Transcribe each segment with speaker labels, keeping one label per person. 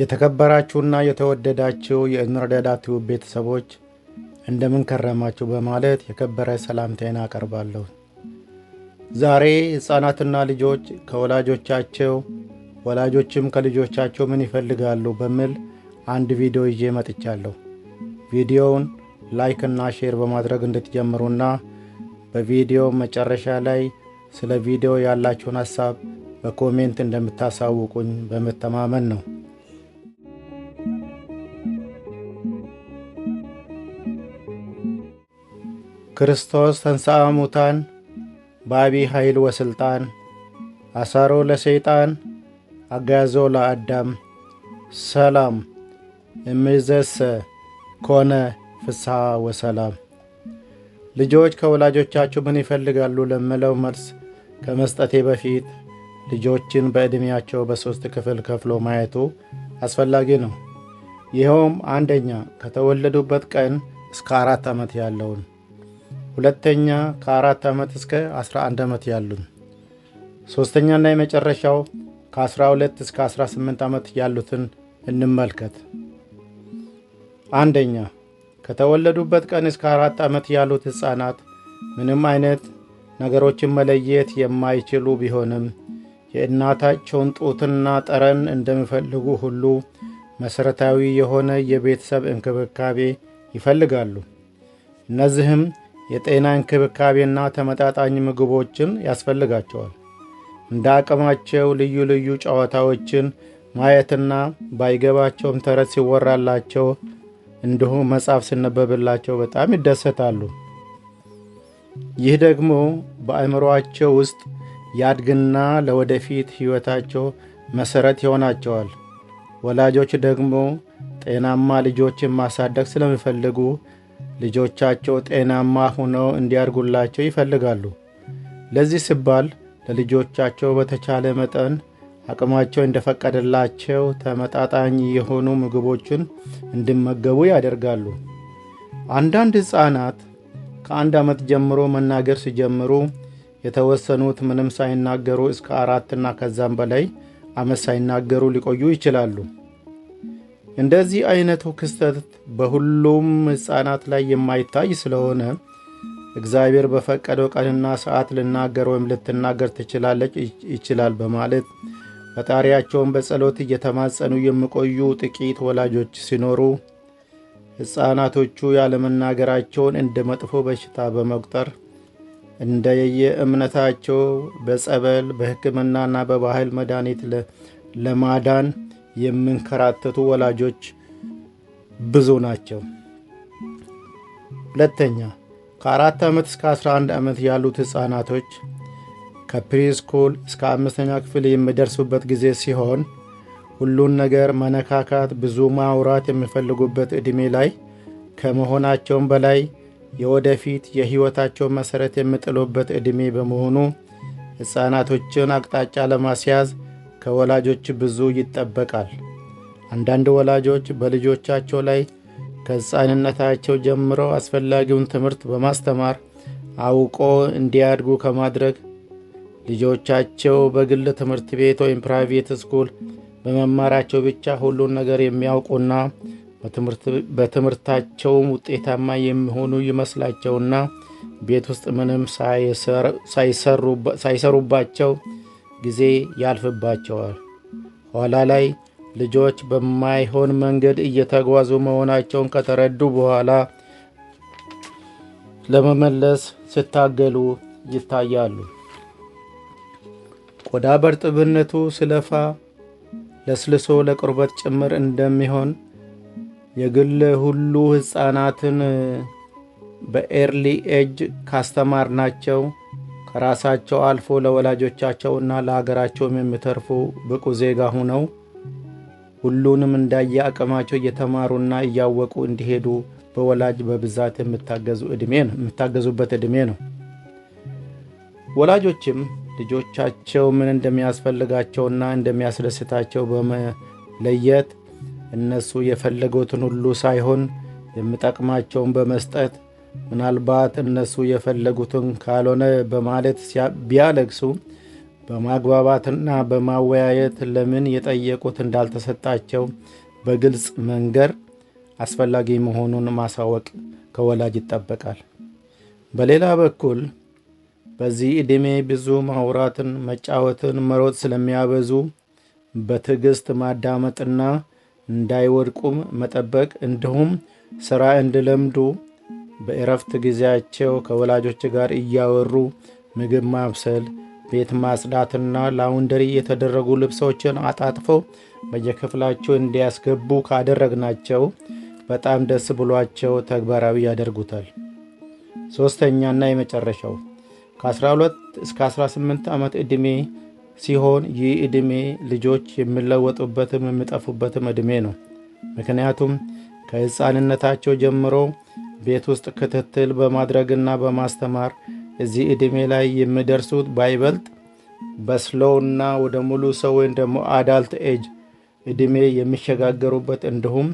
Speaker 1: የተከበራችሁና የተወደዳችሁ የእንረዳዳ ቤተሰቦች እንደምን ከረማችሁ በማለት የከበረ ሰላምታዬን አቀርባለሁ። ዛሬ ሕፃናትና ልጆች ከወላጆቻቸው ወላጆችም ከልጆቻቸው ምን ይፈልጋሉ በሚል አንድ ቪዲዮ ይዤ መጥቻለሁ። ቪዲዮውን ላይክ እና ሼር በማድረግ እንድትጀምሩና በቪዲዮ መጨረሻ ላይ ስለ ቪዲዮ ያላችሁን ሀሳብ በኮሜንት እንደምታሳውቁኝ በመተማመን ነው። ክርስቶስ ተንሥአ ሙታን በአቢይ ኃይል ወስልጣን አሳሮ ለሰይጣን አጋዞ ለአዳም ሰላም እምይእዜሰ ኮነ ፍስሐ ወሰላም። ልጆች ከወላጆቻችሁ ምን ይፈልጋሉ ለምለው መልስ ከመስጠቴ በፊት ልጆችን በዕድሜያቸው በሦስት ክፍል ከፍሎ ማየቱ አስፈላጊ ነው። ይኸውም አንደኛ ከተወለዱበት ቀን እስከ አራት ዓመት ያለውን ሁለተኛ ከአራት ዓመት እስከ 11 ዓመት ያሉን፣ ሦስተኛና የመጨረሻው ከ12 እስከ 18 ዓመት ያሉትን እንመልከት። አንደኛ ከተወለዱበት ቀን እስከ አራት ዓመት ያሉት ሕፃናት ምንም አይነት ነገሮችን መለየት የማይችሉ ቢሆንም የእናታቸውን ጡትና ጠረን እንደሚፈልጉ ሁሉ መሠረታዊ የሆነ የቤተሰብ እንክብካቤ ይፈልጋሉ። እነዚህም የጤና እንክብካቤና ተመጣጣኝ ምግቦችን ያስፈልጋቸዋል። እንደ አቅማቸው ልዩ ልዩ ጨዋታዎችን ማየትና ባይገባቸውም ተረት ሲወራላቸው እንዲሁም መጽሐፍ ሲነበብላቸው በጣም ይደሰታሉ። ይህ ደግሞ በአእምሮአቸው ውስጥ ያድግና ለወደፊት ሕይወታቸው መሠረት ይሆናቸዋል። ወላጆች ደግሞ ጤናማ ልጆችን ማሳደግ ስለሚፈልጉ ልጆቻቸው ጤናማ ሆነው እንዲያድጉላቸው ይፈልጋሉ። ለዚህ ሲባል ለልጆቻቸው በተቻለ መጠን አቅማቸው እንደፈቀደላቸው ተመጣጣኝ የሆኑ ምግቦችን እንዲመገቡ ያደርጋሉ። አንዳንድ ሕፃናት ከአንድ ዓመት ጀምሮ መናገር ሲጀምሩ የተወሰኑት ምንም ሳይናገሩ እስከ አራትና ከዛም በላይ ዓመት ሳይናገሩ ሊቆዩ ይችላሉ። እንደዚህ አይነቱ ክስተት በሁሉም ሕፃናት ላይ የማይታይ ስለሆነ እግዚአብሔር በፈቀደው ቀንና ሰዓት ልናገር ወይም ልትናገር ትችላለች ይችላል በማለት ፈጣሪያቸውን በጸሎት እየተማጸኑ የሚቆዩ ጥቂት ወላጆች ሲኖሩ ሕፃናቶቹ ያለመናገራቸውን እንደ መጥፎ በሽታ በመቁጠር እንደ የእምነታቸው በጸበል በሕክምናና በባህል መድኃኒት ለማዳን የምንከራተቱ ወላጆች ብዙ ናቸው። ሁለተኛ ከአራት ዓመት እስከ 11 ዓመት ያሉት ሕፃናቶች ከፕሪስኩል እስከ አምስተኛ ክፍል የሚደርሱበት ጊዜ ሲሆን ሁሉን ነገር መነካካት፣ ብዙ ማውራት የሚፈልጉበት ዕድሜ ላይ ከመሆናቸውም በላይ የወደፊት የሕይወታቸው መሠረት የሚጥሉበት ዕድሜ በመሆኑ ሕፃናቶችን አቅጣጫ ለማስያዝ ከወላጆች ብዙ ይጠበቃል። አንዳንድ ወላጆች በልጆቻቸው ላይ ከሕፃንነታቸው ጀምሮ አስፈላጊውን ትምህርት በማስተማር አውቆ እንዲያድጉ ከማድረግ ልጆቻቸው በግል ትምህርት ቤት ወይም ፕራይቬት ስኩል በመማራቸው ብቻ ሁሉን ነገር የሚያውቁና በትምህርታቸውም ውጤታማ የሚሆኑ ይመስላቸውና ቤት ውስጥ ምንም ሳይሰሩባቸው ጊዜ ያልፍባቸዋል። ኋላ ላይ ልጆች በማይሆን መንገድ እየተጓዙ መሆናቸውን ከተረዱ በኋላ ለመመለስ ስታገሉ ይታያሉ። ቆዳ በርጥብነቱ ስለፋ ለስልሶ ለቁርበት ጭምር እንደሚሆን የግል ሁሉ ሕፃናትን በኤርሊ ኤጅ ካስተማርናቸው ከራሳቸው አልፎ ለወላጆቻቸውና ለአገራቸውም የሚተርፉ ብቁ ዜጋ ሁነው ሁሉንም እንዳየ አቅማቸው እየተማሩና እያወቁ እንዲሄዱ በወላጅ በብዛት የምታገዙበት ዕድሜ ነው። ወላጆችም ልጆቻቸው ምን እንደሚያስፈልጋቸውና እንደሚያስደስታቸው በመለየት እነሱ የፈለጉትን ሁሉ ሳይሆን የሚጠቅማቸውን በመስጠት ምናልባት እነሱ የፈለጉትን ካልሆነ በማለት ቢያለግሱ በማግባባትና በማወያየት ለምን የጠየቁት እንዳልተሰጣቸው በግልጽ መንገር አስፈላጊ መሆኑን ማሳወቅ ከወላጅ ይጠበቃል። በሌላ በኩል በዚህ ዕድሜ ብዙ ማውራትን፣ መጫወትን፣ መሮጥ ስለሚያበዙ በትዕግስት ማዳመጥና እንዳይወድቁም መጠበቅ እንዲሁም ስራ እንዲለምዱ በእረፍት ጊዜያቸው ከወላጆች ጋር እያወሩ ምግብ ማብሰል፣ ቤት ማጽዳትና ላውንደሪ የተደረጉ ልብሶችን አጣጥፈው በየክፍላቸው እንዲያስገቡ ካደረግናቸው በጣም ደስ ብሏቸው ተግባራዊ ያደርጉታል። ሦስተኛና የመጨረሻው ከ12 እስከ 18 ዓመት ዕድሜ ሲሆን ይህ ዕድሜ ልጆች የሚለወጡበትም የሚጠፉበትም ዕድሜ ነው። ምክንያቱም ከሕፃንነታቸው ጀምሮ ቤት ውስጥ ክትትል በማድረግና በማስተማር እዚህ ዕድሜ ላይ የሚደርሱት ባይበልጥ በስሎውና ወደ ሙሉ ሰው ወይም ደግሞ አዳልት ኤጅ ዕድሜ የሚሸጋገሩበት እንዲሁም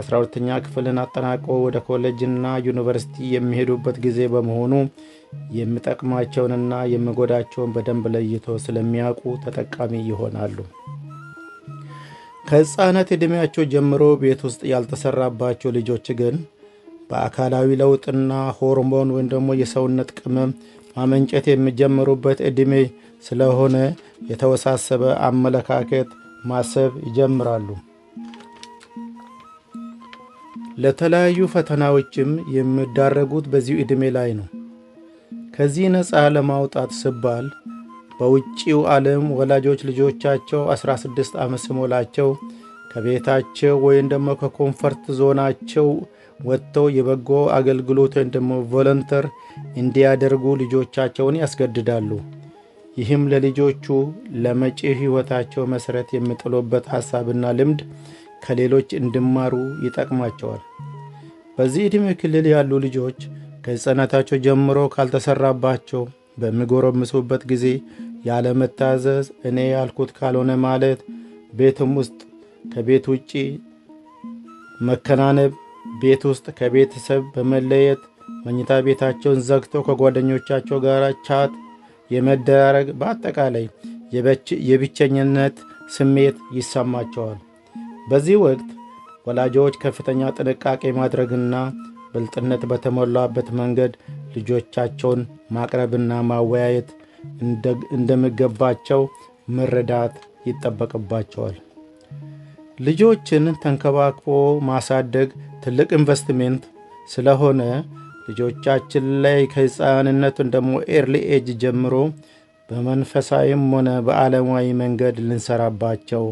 Speaker 1: 12ተኛ ክፍልን አጠናቆ ወደ ኮሌጅና ዩኒቨርሲቲ የሚሄዱበት ጊዜ በመሆኑ የሚጠቅማቸውንና የሚጎዳቸውን በደንብ ለይቶ ስለሚያውቁ ተጠቃሚ ይሆናሉ። ከሕፃናት ዕድሜያቸው ጀምሮ ቤት ውስጥ ያልተሰራባቸው ልጆች ግን በአካላዊ ለውጥና ሆርሞን ወይም ደግሞ የሰውነት ቅመም ማመንጨት የሚጀምሩበት ዕድሜ ስለሆነ የተወሳሰበ አመለካከት ማሰብ ይጀምራሉ። ለተለያዩ ፈተናዎችም የሚዳረጉት በዚሁ ዕድሜ ላይ ነው። ከዚህ ነፃ ለማውጣት ስባል በውጪው ዓለም ወላጆች ልጆቻቸው 16 ዓመት ሲሞላቸው ከቤታቸው ወይም ደግሞ ከኮንፈርት ዞናቸው ወጥተው የበጎ አገልግሎትን ደግሞ ቮለንተር እንዲያደርጉ ልጆቻቸውን ያስገድዳሉ። ይህም ለልጆቹ ለመጪ ሕይወታቸው መሠረት የሚጥሉበት ሐሳብና ልምድ ከሌሎች እንዲማሩ ይጠቅማቸዋል። በዚህ ዕድሜ ክልል ያሉ ልጆች ከሕፃናታቸው ጀምሮ ካልተሠራባቸው በሚጎረምሱበት ጊዜ ያለመታዘዝ፣ እኔ ያልኩት ካልሆነ ማለት፣ ቤትም ውስጥ ከቤት ውጪ መከናነብ ቤት ውስጥ ከቤተሰብ በመለየት መኝታ ቤታቸውን ዘግተው ከጓደኞቻቸው ጋር ቻት የመደራረግ በአጠቃላይ የብቸኝነት ስሜት ይሰማቸዋል። በዚህ ወቅት ወላጆች ከፍተኛ ጥንቃቄ ማድረግና ብልጥነት በተሞላበት መንገድ ልጆቻቸውን ማቅረብና ማወያየት እንደሚገባቸው መረዳት ይጠበቅባቸዋል። ልጆችን ተንከባክቦ ማሳደግ ትልቅ ኢንቨስትሜንት ስለሆነ ልጆቻችን ላይ ከሕፃንነቱን ደግሞ ኤርሊ ኤጅ ጀምሮ በመንፈሳዊም ሆነ በዓለማዊ መንገድ ልንሰራባቸው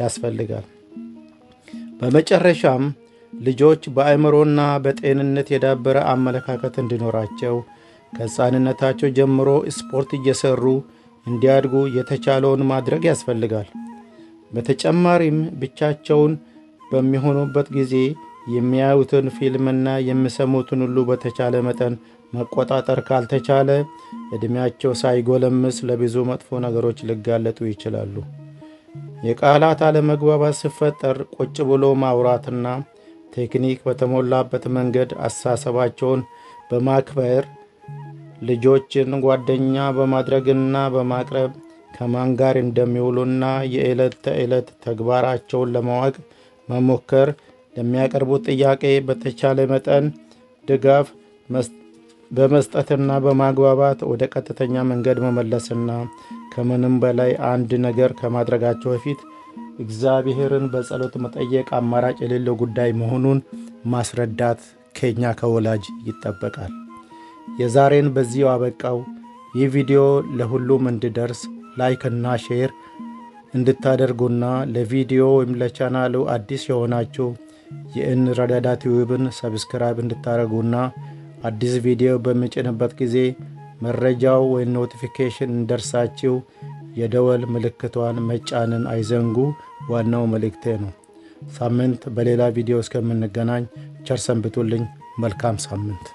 Speaker 1: ያስፈልጋል። በመጨረሻም ልጆች በአእምሮና በጤንነት የዳበረ አመለካከት እንዲኖራቸው ከሕፃንነታቸው ጀምሮ ስፖርት እየሰሩ እንዲያድጉ የተቻለውን ማድረግ ያስፈልጋል። በተጨማሪም ብቻቸውን በሚሆኑበት ጊዜ የሚያዩትን ፊልምና የሚሰሙትን ሁሉ በተቻለ መጠን መቆጣጠር ካልተቻለ ዕድሜያቸው ሳይጎለምስ ለብዙ መጥፎ ነገሮች ሊጋለጡ ይችላሉ። የቃላት አለመግባባት ሲፈጠር ቁጭ ብሎ ማውራትና ቴክኒክ በተሞላበት መንገድ አሳሰባቸውን በማክበር ልጆችን ጓደኛ በማድረግና በማቅረብ ከማን ጋር እንደሚውሉና የዕለት ተዕለት ተግባራቸውን ለማወቅ መሞከር ለሚያቀርቡት ጥያቄ በተቻለ መጠን ድጋፍ በመስጠትና በማግባባት ወደ ቀጥተኛ መንገድ መመለስና ከምንም በላይ አንድ ነገር ከማድረጋቸው በፊት እግዚአብሔርን በጸሎት መጠየቅ አማራጭ የሌለው ጉዳይ መሆኑን ማስረዳት ከኛ ከወላጅ ይጠበቃል። የዛሬን በዚሁ አበቃው። ይህ ቪዲዮ ለሁሉም እንዲደርስ ላይክና ሼር እንድታደርጉና ለቪዲዮ ወይም ለቻናሉ አዲስ የሆናችሁ የእንረዳዳ ቲዩብን ሰብስክራይብ እንድታደረጉና አዲስ ቪዲዮ በምጭንበት ጊዜ መረጃው ወይም ኖቲፊኬሽን እንደርሳችው የደወል ምልክቷን መጫንን አይዘንጉ። ዋናው መልእክቴ ነው። ሳምንት በሌላ ቪዲዮ እስከምንገናኝ ቸርሰንብቱልኝ መልካም ሳምንት